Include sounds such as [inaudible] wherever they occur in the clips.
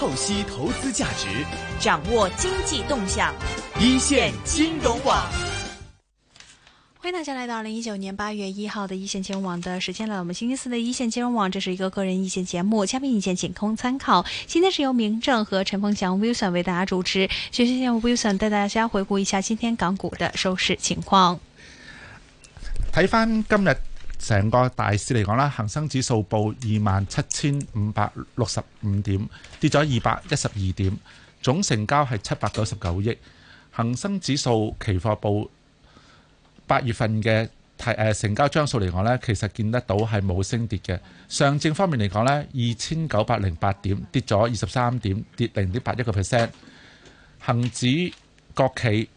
透析投資價值，掌握經濟動向。一線金融網，歡迎大家來到二零一九年八月一號的一線金融網的時間啦。我們星期四的一線金融網，這是一個個人意見節目，嘉賓意見僅供參考。今天是由明正和陳鳳祥 Wilson 為大家主持，首先由 Wilson 帶大家回顧一下今天港股的收市情況。睇翻今日。成個大市嚟講啦，恒生指數報二萬七千五百六十五點，跌咗二百一十二點，總成交係七百九十九億。恒生指數期貨報八月份嘅提誒成交張數嚟講呢，其實見得到係冇升跌嘅。上證方面嚟講呢，二千九百零八點，跌咗二十三點，跌零點八一個 percent。恒指國企，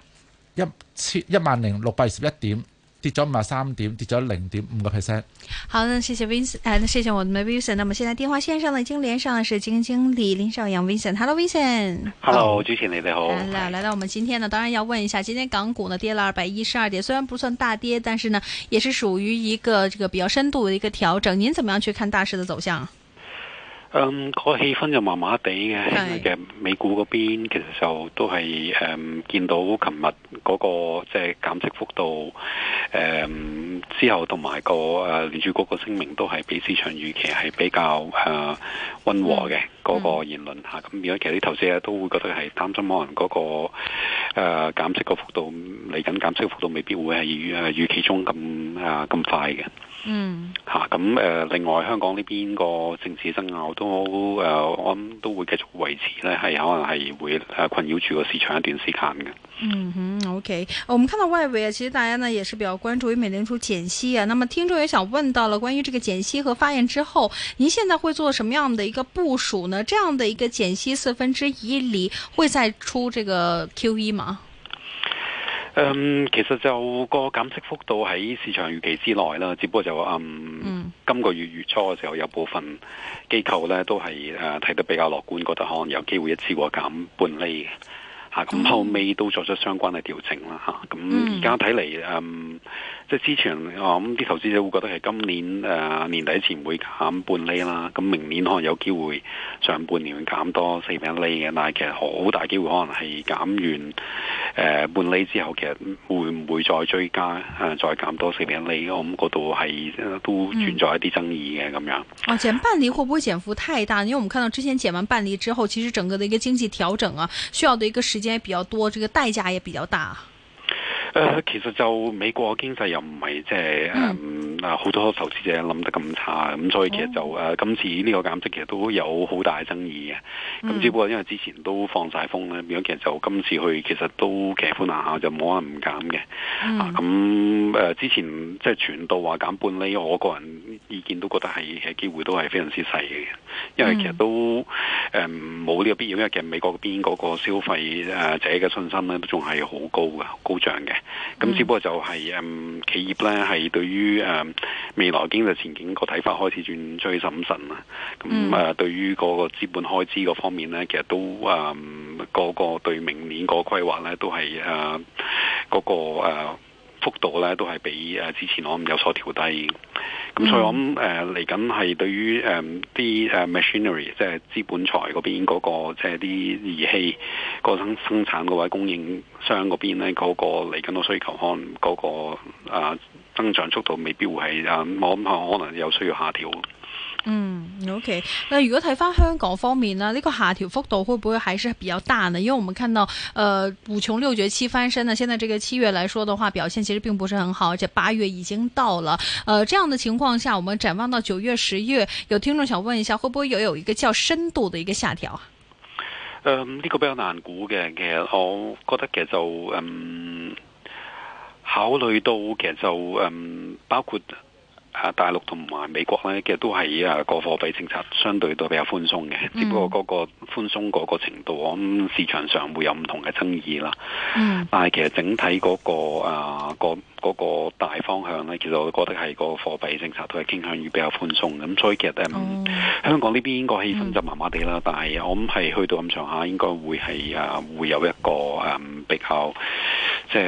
一千一萬零六百二十一點。跌咗五十三點，跌咗零點五個 percent。好，那謝謝 Vincent 誒、啊，那謝謝我們的 Vincent，那麼現在電話線上呢已經連上的是基金經理林少陽 Vincent。Hello，Vincent。Hello，主持人你哋好。來、啊，來到我們今天呢，當然要問一下，今天港股呢跌了二百一十二點，雖然不算大跌，但是呢也是屬於一個這個比較深度的一個調整。您怎麼樣去看大市的走向？嗯，個氣氛就麻麻地嘅，嘅的美股嗰邊其實就都係誒、嗯、見到琴日嗰個即係、就是、減息幅度誒、嗯、之後、那個，同埋個誒聯儲局個聲明都係比市場預期係比較誒、啊、溫和嘅嗰、嗯、個言論嚇。咁如果其實啲投資者都會覺得係擔心可能嗰個誒、啊、減息個幅度，嚟緊減息幅度未必會係預誒預期中咁啊咁快嘅。嗯，吓咁誒，另外香港呢邊個政治爭拗都誒，呃，我諗都會繼續維持咧，係可能係會誒困擾住個市場一段時間嘅。嗯哼，OK，啊，我們看到外圍啊，其實大家呢也是比較關注於美聯儲減息啊。那麼聽眾也想問到了，關於這個減息和發言之後，您現在會做什麼樣的一個部署呢？這樣的一個減息四分之一裏，會再出這個 QE 嗎？誒，um, 其實就個減息幅度喺市場預期之內啦，只不過就誒，嗯嗯、今個月月初嘅時候有部分機構呢都係誒睇得比較樂觀，覺得可能有機會一次過減半厘吓咁、啊啊、後尾都作出相關嘅調整啦，吓咁而家睇嚟誒、啊啊嗯嗯、即係之前我諗啲投資者會覺得係今年誒、呃、年底前會減半厘啦，咁、啊啊、明年可能有機會上半年會減多四分一厘嘅，但係其實好大機會可能係減完。誒，半厘、呃、之後其實會唔會再追加、呃、再減多四 percent 厘，嗰度係都存在一啲爭議嘅咁樣。啊、嗯，減、哦、半厘會唔會減幅太大？因為我們看到之前減完半厘之後，其實整個的一個經濟調整啊，需要的一個時間比較多，這個代價也比較大。誒、呃，其實就美國嘅經濟又唔係即係誒，好、呃、多投資者諗得咁差，咁所以其實就誒、呃、今次呢個減息其實都有好大嘅爭議嘅。咁只不過因為之前都放晒風咧，變咗其實就今次去其實都騎虎難下，就冇可能唔減嘅。咁誒、嗯啊呃、之前即係傳到話減半厘，我個人意見都覺得係其實機會都係非常之細嘅。因為其實都誒冇呢個必要，因為其實美國邊嗰個消費誒者嘅信心咧都仲係好高嘅，高漲嘅。咁、嗯、只不過就係、是、誒、嗯，企業咧係對於誒、嗯、未來經濟前景個睇法開始轉趨審慎啦。咁誒、嗯嗯，對於個資本開支個方面咧，其實都誒，嗰、嗯那個對明年個規劃咧，都係誒，啊那個誒。啊幅度咧都係比誒之前我有所調低，咁、嗯、所以我諗誒嚟緊係對於誒啲誒 machinery 即係資本財嗰邊嗰、嗰個即係啲儀器、嗰個生生產嗰位供應商嗰邊咧嗰、嗰個嚟緊個需求可能嗰、嗰個、啊、增長速度未必會係誒，我諗下可能有需要下調。嗯。O、okay. K，那如果睇返香港方面呢？呢、這個下調幅度會不會還是比較大呢？因為，我們看到，誒、呃，五窮六絕七翻身呢，現在這個七月來說的話，表現其實並不是很好，而且八月已經到了，誒、呃，這樣的情況下，我們展望到九月、十月，有聽眾想問一下，會不會有有一個較深度的一個下調啊？誒、嗯，呢、這個比較難估嘅，其實我覺得其實就，嗯，考慮到其實就，嗯，包括。啊！大陸同埋美國咧，其實都係啊個貨幣政策相對都係比較寬鬆嘅，嗯、只不過嗰個寬鬆嗰個程度，我諗市場上會有唔同嘅爭議啦。嗯、但係其實整體嗰、嗰個啊、嗰個嗰大方向咧，其實我覺得係個貨幣政策都係傾向於比較寬鬆咁、嗯。所以其實、嗯嗯、香港呢邊應該氣氛就麻麻地啦，嗯、但係我諗係去到咁上下，應該會係啊會有一個啊比較即係誒誒。就是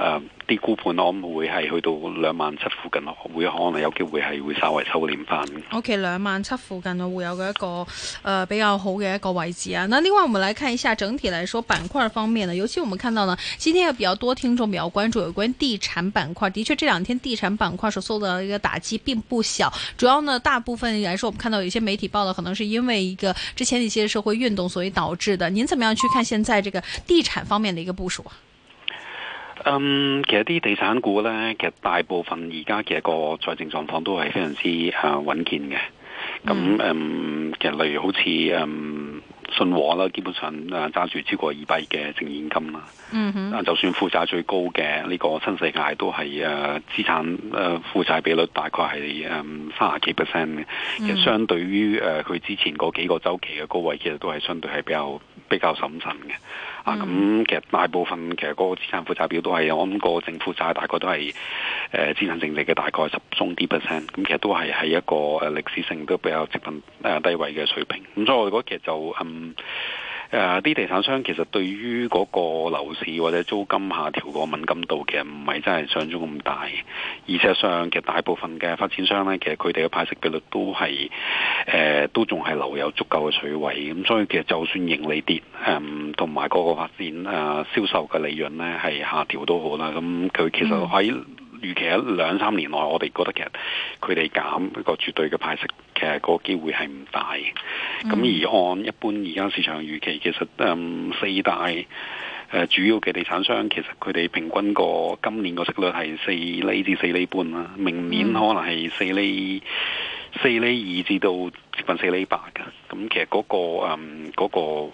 啊啊啲股盤我會係去到兩萬七附近咯，會可能有機會係會稍微收斂翻。OK，兩萬七附近我會有嘅一個誒、呃、比較好嘅一個位置啊。那另外，我們來看一下整體來說板塊方面呢，尤其我們看到呢，今天有比較多聽眾比較關注有關地產板塊。的確，這兩天地產板塊所受到嘅一個打擊並不小。主要呢，大部分來說，我們看到有些媒體報道，可能係因為一個之前一些社會運動所以導致的。您怎麼樣去看現在這個地產方面嘅一個部署？嗯，um, 其實啲地產股咧，其實大部分而家嘅實個財政狀況都係非常之啊穩健嘅。咁、mm hmm. 嗯，其實例如好似嗯信和啦，基本上啊揸住超過二百億嘅淨現金啦。嗯哼、mm hmm. 啊。就算負債最高嘅呢、這個新世界都係誒資產誒負債比率大概係誒三廿幾 percent 嘅。啊 mm hmm. 其實相對於誒佢之前嗰幾個周期嘅高位，其實都係相對係比較比較審慎嘅，嗯、啊咁其實大部分其實嗰個資產負債表都係，我諗個政府債大概都係誒資產淨值嘅大概十中啲 percent，咁其實都係喺一個誒歷史性都比較接近誒低位嘅水平，咁、嗯、所以我哋其實就嗯。誒啲、呃、地產商其實對於嗰個樓市或者租金下調個敏感度，其實唔係真係上咗咁大。而且上其實大部分嘅發展商呢，其實佢哋嘅派息比率都係誒、呃、都仲係留有足夠嘅水位。咁所以其實就算盈利跌，嗯同埋嗰個發展誒、啊、銷售嘅利潤呢，係下調都好啦。咁佢其實喺預期喺兩三年內，我哋覺得其實佢哋減一個絕對嘅派息，其實個機會係唔大嘅。咁而按一般而家市場預期，其實誒、嗯、四大誒、呃、主要嘅地產商，其實佢哋平均個今年個息率係四厘至四厘半啦，明年可能係四厘、四厘二至到接近四厘八嘅。咁其實嗰個誒嗰個。嗯嗰個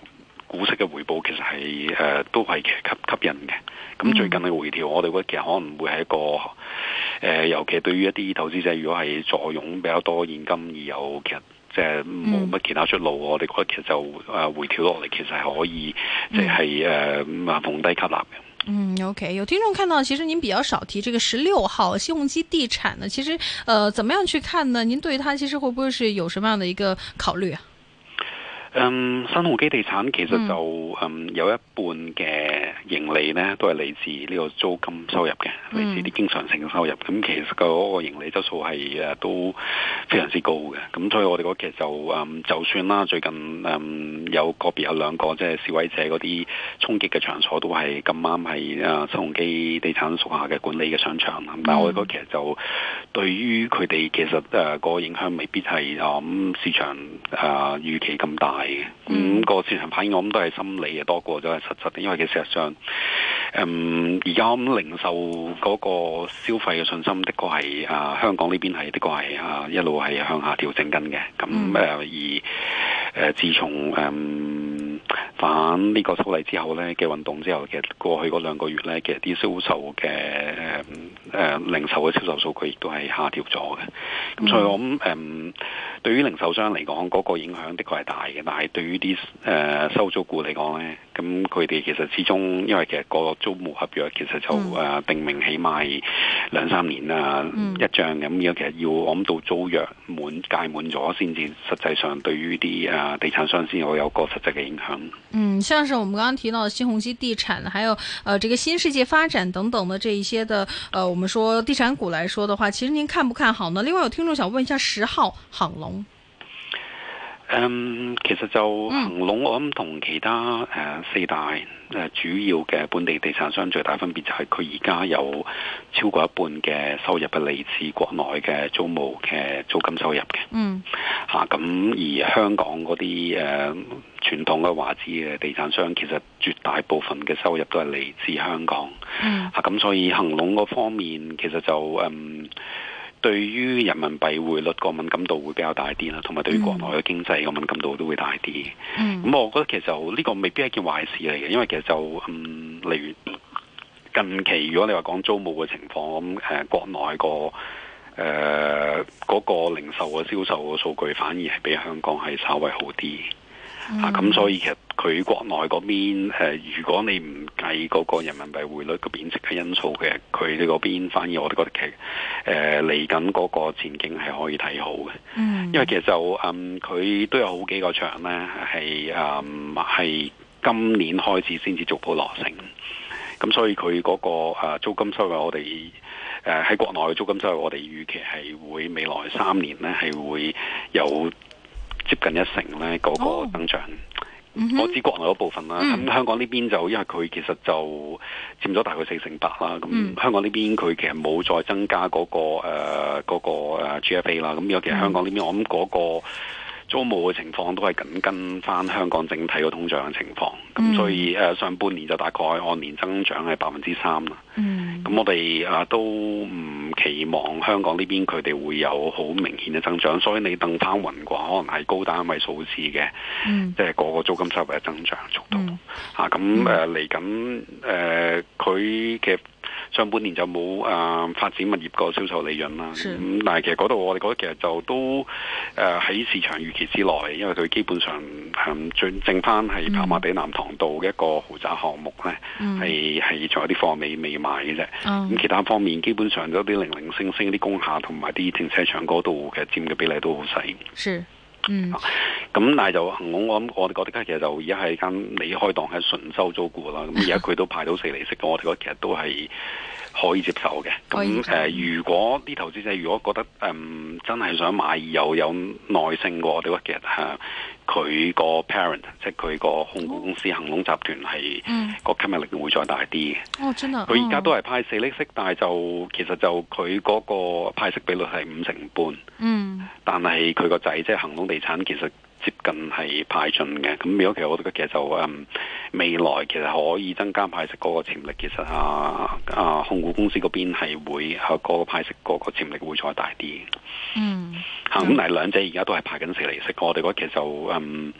股息嘅回報其實係誒、呃、都係其實吸吸引嘅，咁、嗯、最近嘅回調，我哋覺得其實可能會係一個誒、呃，尤其對於一啲投資者，如果係坐擁比較多現金而又其實即係冇乜其他出路，嗯、我哋覺得其實就誒、呃、回調落嚟其實係可以即係誒咁啊逢低吸納嘅。嗯，OK，有聽眾看到，其實您比較少提這個十六號新鴻基地產呢？其實誒、呃，怎麼樣去看呢？您對它其實會不會是有什麼樣嘅一個考慮啊？嗯，新鴻基地產其實就嗯有一半嘅盈利咧，都係嚟自呢個租金收入嘅，嚟、嗯、自啲經常性嘅收入。咁、嗯、其實個嗰盈利質素係誒都非常之高嘅。咁、嗯、所以我哋嗰期就誒、嗯、就算啦，最近誒、嗯、有個別有兩個即係示威者嗰啲衝擊嘅場所都，都係咁啱係誒新鴻基地產屬下嘅管理嘅商場。咁、嗯、但係我哋嗰期就對於佢哋其實誒、啊那個影響未必係咁、啊、市場誒預、啊、期咁大。係嘅、嗯，咁、嗯、個市場反應，我諗都係心理嘅多過咗係實質，因為其實上，嗯，而家咁零售嗰個消費嘅信心的確，的確係啊，香港呢邊係的確係啊，一路係向下調整緊嘅，咁、嗯、誒、嗯、而誒、呃、自從誒。嗯反呢個出嚟之後呢，嘅運動之後嘅過去嗰兩個月呢，嘅啲銷售嘅誒零售嘅銷售數據亦都係下調咗嘅，咁所以我諗誒、呃、對於零售商嚟講嗰個影響的確係大嘅，但係對於啲誒、呃、收租股嚟講呢。咁佢哋其實始終，因為其實個租務合約其實就誒、嗯呃、定明起碼兩三年啦、啊，嗯、一張咁要其實要揾到租約滿屆滿咗先至，實際上對於啲誒地產商先會有個實際嘅影響。嗯，像是我們剛剛提到的新鴻基地產，還有誒、呃、這個新世界發展等等的這一些的，誒、呃、我們說地產股來說的話，其實您看不看好呢？另外有聽眾想問一下十號恒隆。嗯，um, 其實就恒隆我諗，同其他誒、呃、四大誒、呃、主要嘅本地地產商最大分別就係佢而家有超過一半嘅收入係嚟自國內嘅租務嘅租金收入嘅。嗯，嚇咁、啊、而香港嗰啲誒傳統嘅華資嘅地產商其實絕大部分嘅收入都係嚟自香港。嗯，嚇咁、啊、所以恒隆嗰方面其實就誒。呃對於人民幣匯率個敏感度會比較大啲啦，同埋對於國內嘅經濟個敏感度都會大啲。咁、mm. 嗯、我覺得其實呢個未必係一件壞事嚟嘅，因為其實就嗯，例如近期如果你話講租務嘅情況咁，誒、嗯、國內個誒嗰個零售嘅銷售嘅數據反而係比香港係稍微好啲。Mm hmm. 啊，咁所以其實佢國內嗰邊、呃、如果你唔計嗰個人民幣匯率嘅貶值嘅因素嘅，佢哋嗰邊反而我哋覺得其誒嚟緊嗰個前景係可以睇好嘅。嗯、mm，hmm. 因為其實就誒佢、嗯、都有好幾個場咧係誒係今年開始先至逐步落成，咁所以佢嗰個租金收入我哋誒喺國內嘅租金收入我哋預期係會未來三年咧係會有，近一成咧，嗰、那個增長，oh. mm hmm. 我指國內嗰部分啦。咁、mm hmm. 香港呢邊就因為佢其實就佔咗大概四成八啦。咁香港呢邊佢其實冇再增加嗰、那個誒嗰、呃那個、GFA 啦。咁如果其實香港呢邊，我諗嗰、那個。Mm hmm. 租務嘅情況都係緊跟翻香港整體嘅通脹嘅情況，咁所以誒、mm. 呃、上半年就大概按年增長係百分之三啦。咁、mm. 我哋誒、呃、都唔期望香港呢邊佢哋會有好明顯嘅增長，所以你等翻勻嘅話可能係高單位數字嘅，mm. 即係個個租金收入嘅增長速度。嚇咁誒嚟緊誒佢嘅。上半年就冇誒、呃、發展物業個銷售利潤啦，咁是但係其實嗰度我哋覺得其實就都誒喺、呃、市場預期之內，因為佢基本上係淨淨翻係跑馬地南塘道嘅一個豪宅項目咧，係係仲有啲貨未未買嘅啫。咁、哦、其他方面基本上有啲零零星星啲工廈同埋啲停車場嗰度嘅佔嘅比例都好細。嗯，咁、 [noise] 嗯嗯、但係就我諗我哋覺得咧，其實就而家係間你開檔係純收租股啦，咁而家佢都派到四厘息，我哋覺得其實都係，可以接受嘅，咁、嗯、誒以、啊，如果啲投資者如果覺得誒、嗯、真係想買，又有，有耐性嘅，我哋屈其實佢個 parent，即係佢個控股公司恒隆、哦、集團係個、嗯、吸引力會再大啲、哦。哦，真啊！佢而家都係派四厘息，但係就其實就佢嗰個派息比率係五成半。嗯。但係佢個仔即係恆隆地產，其實接近係派盡嘅。咁如果其實我哋個嘅就誒。嗯未來其實可以增加派息嗰個潛力，其實啊啊控股公司嗰邊係會個派息嗰個潛力會再大啲、嗯嗯。嗯，吓咁嚟兩者而家都係派緊息嚟食，我哋得其期覺就嗯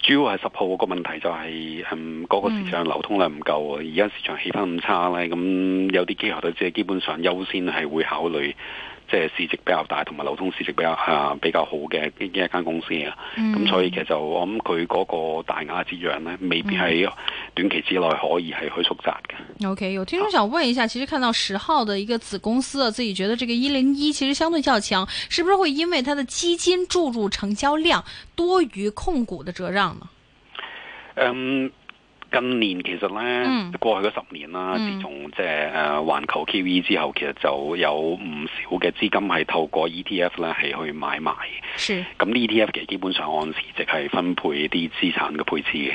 主要係十號個問題就係、是、嗯嗰個市場流通量唔夠，而家、嗯、市場氣氛咁差咧，咁有啲機構都即係基本上優先係會考慮。即係市值比較大，同埋流通市值比較、啊、比較好嘅一間公司啊，咁、嗯、所以其實我諗佢嗰個大額折讓呢，未必喺短期之內可以係去縮窄嘅。OK，有聽眾想問一下，啊、其實看到十號的一個子公司、啊，自己覺得這個一零一其實相對較強，是不是會因為它的基金注入成交量多於控股的折讓呢？嗯。今年其實咧，嗯、過去嗰十年啦，嗯、自從即係誒環球 QE 之後，其實就有唔少嘅資金係透過 ETF 咧係去買賣。咁是，呢啲 ETF 其實基本上按市值係分配一啲資產嘅配置嘅。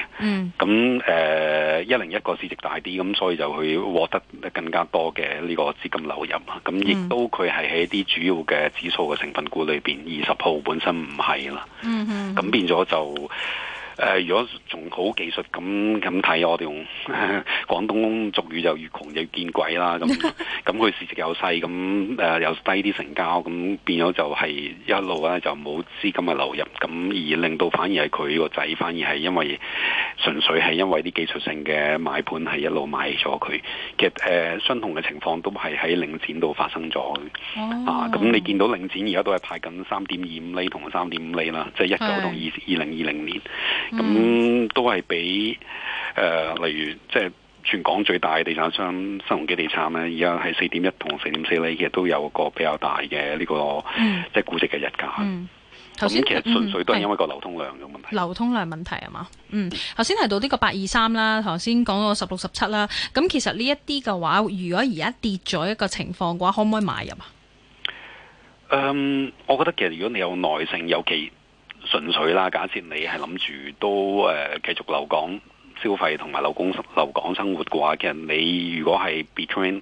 咁誒一零一個市值大啲，咁所以就去獲得更加多嘅呢個資金流入啊。咁亦都佢係喺啲主要嘅指數嘅成分股裏邊，二十號本身唔係啦。咁、嗯嗯嗯、變咗就。誒、呃，如果仲好技術咁咁睇，我哋用呵呵廣東俗語就越窮就越見鬼啦。咁咁佢市值又細，咁誒、呃、又低啲成交，咁變咗就係一路咧就冇資金嘅流入，咁而令到反而係佢個仔，反而係因為純粹係因為啲技術性嘅買盤係一路買咗佢。其實誒相同嘅情況都係喺領展度發生咗。哦，oh. 啊，咁你見到領展而家都係派緊三點二五厘同三點五厘啦，即係一九同二二零二零年。咁、嗯嗯、都係比誒、呃，例如即係、即係、全港最大嘅地產商新鴻基地產咧，而家係四點一同四點四厘，其實都有個比較大嘅呢、呢個、嗯、即係估值嘅日價。頭先、嗯嗯、其實純粹都係因為個流通量嘅問題、嗯。流通量問題係嘛？嗯，頭先提到呢個八二三啦，頭先講到十六十七啦。咁其實呢一啲嘅話，如果而家跌咗一個情況嘅話，可唔可以買入啊？嗯，我覺得其實如果你有耐性有技。順粹啦，假設你係諗住都誒、呃、繼續留港消費同埋留工留港生活嘅話，其實你如果係 between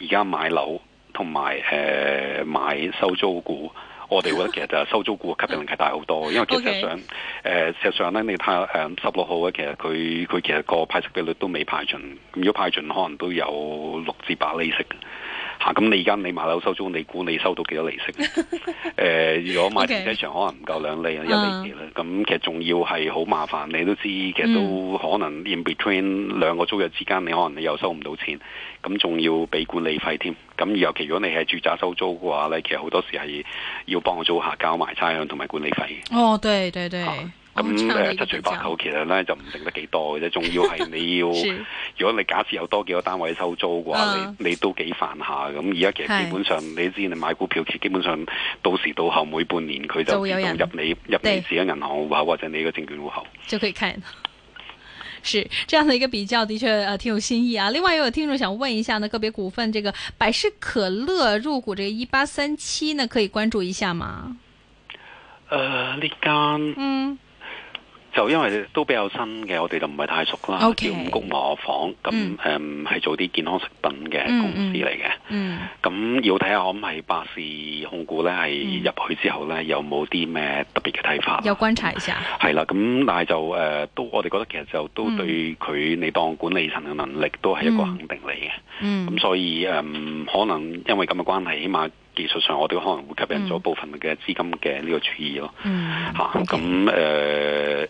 而家買樓同埋誒買收租股，我哋覺得其實就係收租股嘅吸引力大好多，因為其實，實上誒，事 Okay.、呃、實上咧，你睇誒十六號咧，其實佢佢其實個派息比率都未派盡，如果派盡，可能都有六至八厘息。嚇！咁、啊、你而家你買樓收租，你估你收到幾多利息？誒、 [laughs] 呃，如果買停車場可能唔夠兩厘，啊，一厘幾啦。咁、uh. 嗯、其實仲要係好麻煩，你都知，其實都可能 in between 兩個租約之間，你可能你又收唔到錢，咁、嗯、仲、嗯、要俾管理費添。咁、嗯、尤其如果你係住宅收租嘅話咧，其實好多時係要幫我租客交埋差餉同埋管理費。哦、oh,，對對對。對啊。咁誒七除八扣其實咧 [laughs] 就唔剩得幾多嘅啫，仲要係你要， [laughs] 是如果你假設有多幾個單位收租嘅話，啊、你你都幾煩下咁。而、嗯、家其實基本上是你知，你買股票其實基本上到時到後每半年佢就自動入你入你，入你自己銀行戶口或者你個證券戶口 [laughs] 就可以看。是這樣的，一個比較，的確誒，挺有新意啊。另外，有有聽眾想問一下呢，個別股份，這個百事可樂入股，這個一八三七，呢可以關注一下嗎？誒呢間嗯。就因為都比較新嘅，我哋就唔係太熟啦。Okay，叫五谷磨房，咁誒係做啲健康食品嘅公司嚟嘅。咁、嗯嗯、要睇下，係唔係百事控股咧，係入去之後咧，有冇啲咩特別嘅睇法？有觀察一下。係啦，咁但係就誒、呃，都我哋覺得其實就都對佢、嗯、你當管理層嘅能力都係一個肯定嚟嘅。咁、嗯嗯嗯、所以誒、嗯，可能因為咁嘅關係，起碼。技術上，我哋可能會吸引咗部分嘅資金嘅呢個注意咯嚇。咁誒，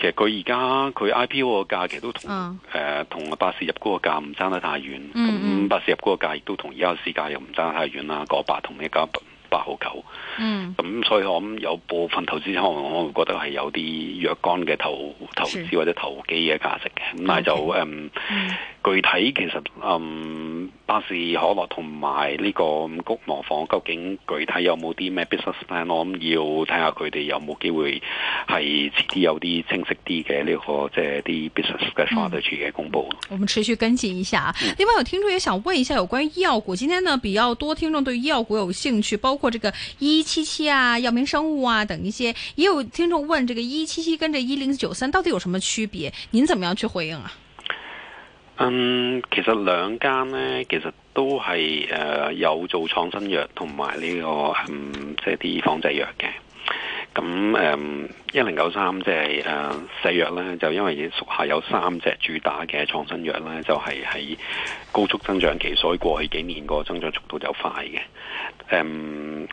其實佢而家佢 IPO 個價其實都同誒同啊百事入股嗰個價唔爭得太遠。咁百事入股嗰個價亦都同而家市價又唔爭太遠啦，個八同一九八毫九。嗯，咁所以我諗有部分投資可能我覺得係有啲若干嘅投投資或者投機嘅價值嘅。咁 Okay. 但係就誒、嗯 Okay. 嗯、具體其實嗯。百事可樂同埋呢個五谷磨坊，究竟具體有冇啲咩 business plan？我諗要睇下佢哋有冇機會係遲啲有啲清晰啲嘅呢個即係啲 business strategy 嘅、嗯、公布。我們持續跟進一下。另外，有聽眾也想問一下，有關於醫藥股，今天呢比較多聽眾對醫藥股有興趣，包括這個一一七七啊、藥明生物啊等一些，也有聽眾問這個一一七七跟這一零九三到底有什麼區別？您怎麼樣去回應啊？嗯，um, 其實兩間呢，其實都係誒、uh, 有做創新藥同埋、這個嗯就是 um, 就是 uh, 呢個係即係啲仿製藥嘅。咁誒，一零九三即係誒細藥咧，就因為屬下有三隻主打嘅創新藥呢，就係、是、喺高速增長期，所以過去幾年個增長速度就快嘅。誒、um,。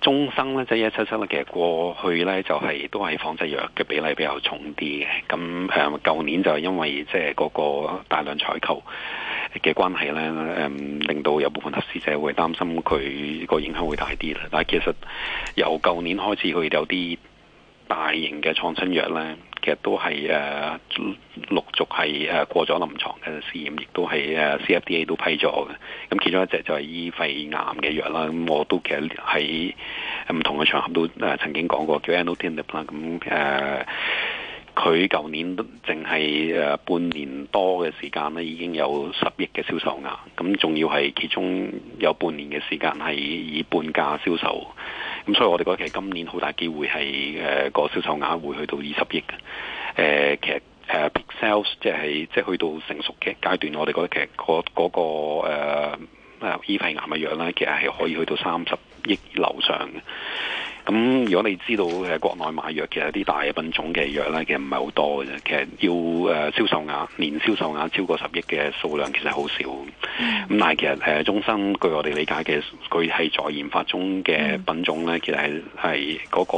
中生咧即係一七七咧，就係、7，其實過去咧就係、係、都係仿製藥嘅比例比較重啲嘅。咁誒舊年就因為即係個個大量採購嘅關係咧，誒、嗯、令到有部分投資者會擔心佢個影響會大啲啦。但係其實由舊年開始，佢有啲大型嘅創新藥咧。其實都係誒陸續係誒過咗臨床嘅試驗，亦都係誒 CFDA 都批咗嘅。咁其中一隻就係醫肺癌嘅藥啦。咁我都其實喺唔同嘅場合都誒曾經講過叫 Anlotinib 啦。咁誒佢舊年淨係誒半年多嘅時間咧，已經有十億嘅銷售額。咁仲要係其中有半年嘅時間係以半價銷售。咁所以我哋覺得其實今年好大機會係誒個銷售額會去到二十億嘅，誒、呃、其實誒、uh, big sales 即係即係去到成熟嘅階段，我哋覺得其實嗰、那、嗰個誒、那個呃、醫肺癌嘅藥咧，其實係可以去到三十億樓上嘅。咁、嗯、如果你知道誒國內買藥其實啲大嘅品種嘅藥咧，其實唔係好多嘅啫。其實要誒、呃、銷售額年銷售額超過十億嘅數量，其實好少。咁、嗯、但係其實誒、呃、中生據我哋理解嘅，佢係在研發中嘅品種咧，其實係係嗰個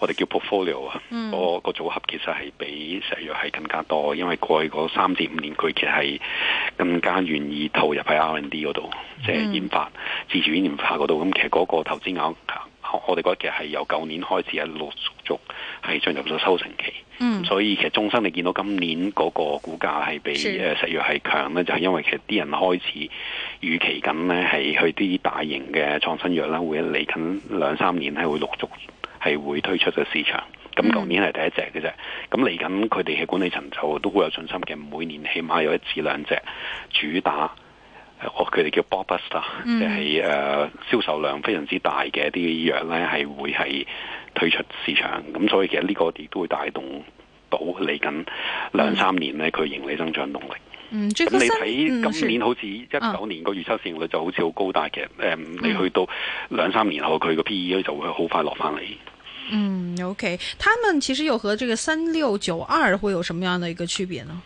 我哋叫 portfolio 啊、嗯，嗰個組合其實係比石藥係更加多。因為過去嗰三至五年佢其實係更加願意投入喺 R&D 嗰度，即係研發自主研發嗰度。咁其實嗰個投資額。那個那個那個那個我哋嗰隻係由舊年開始一陸續續係進入咗收成期，所以其實中生你見到今年嗰個股價係比誒石藥係強咧，就係因為其實啲人開始預期緊咧係去啲大型嘅創新藥啦，會嚟緊兩三年咧會陸續係會推出嘅市場。咁舊年係第一隻嘅啫，咁嚟緊佢哋嘅管理層就都好有信心嘅，每年起碼有一至兩隻主打。我佢哋叫 Bobster 就係銷售量非常之大嘅啲藥咧，係會係推出市場，咁、嗯、所以其實呢個亦都會帶動到嚟緊兩三年咧，佢盈利增長動力。咁、嗯這個嗯、你睇今年、嗯、好似一九年個預測市盈率就好似好高大嘅，誒、嗯，嗯、你去到兩三年後，佢個 P E 就會好快落翻嚟。嗯，OK，他們其實又和這個三六九二會有什麼樣的一個區別呢？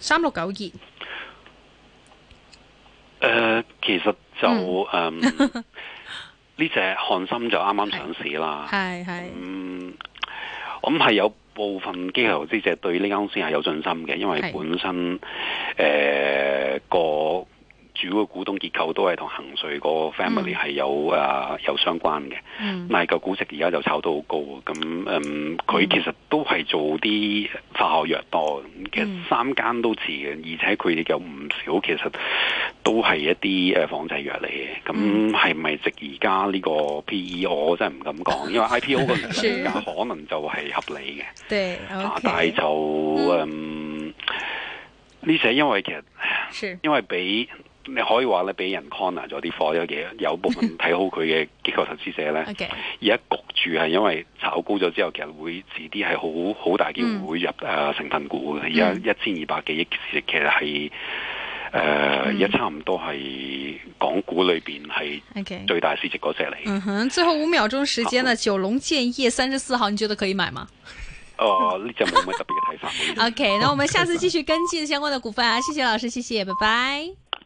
三六九二。其實就誒，呢隻瀚森就啱啱上市啦，係係是，嗯，咁係、嗯、有部分機構投資者對呢間公司係有信心嘅，因為本身誒個。主要嘅股東結構都係同恒瑞個 family 係有啊有相關嘅，但係個股息而家就炒到好高，咁嗯佢其實都係做啲化學藥多，其實三間都似嘅，而且佢哋有唔少其實都係一啲誒仿製藥嚟嘅，咁係咪值而家呢個 P E？我真係唔敢講，因為 I P O 個價可能就係合理嘅，但係就嗯呢隻因為其實因為比。你可以話咧，俾人 corner 咗啲貨有嘢，有部分睇好佢嘅機構投資者咧。而家焗住係因為炒高咗之後，其實會遲啲係好好大機會，會入啊成分股嘅。而家一千二百幾億市值，其實係而家差唔多係港股裏邊係最大市值嗰隻嚟。最後五秒鐘時間啦，啊、九龍建業三十四號，你覺得可以買嗎？哦、呃，呢隻冇乜特別嘅睇法。 [laughs] o、okay, K，那我們下次繼續跟進相關嘅股份啊！ [laughs] 謝謝老師，謝謝，拜拜。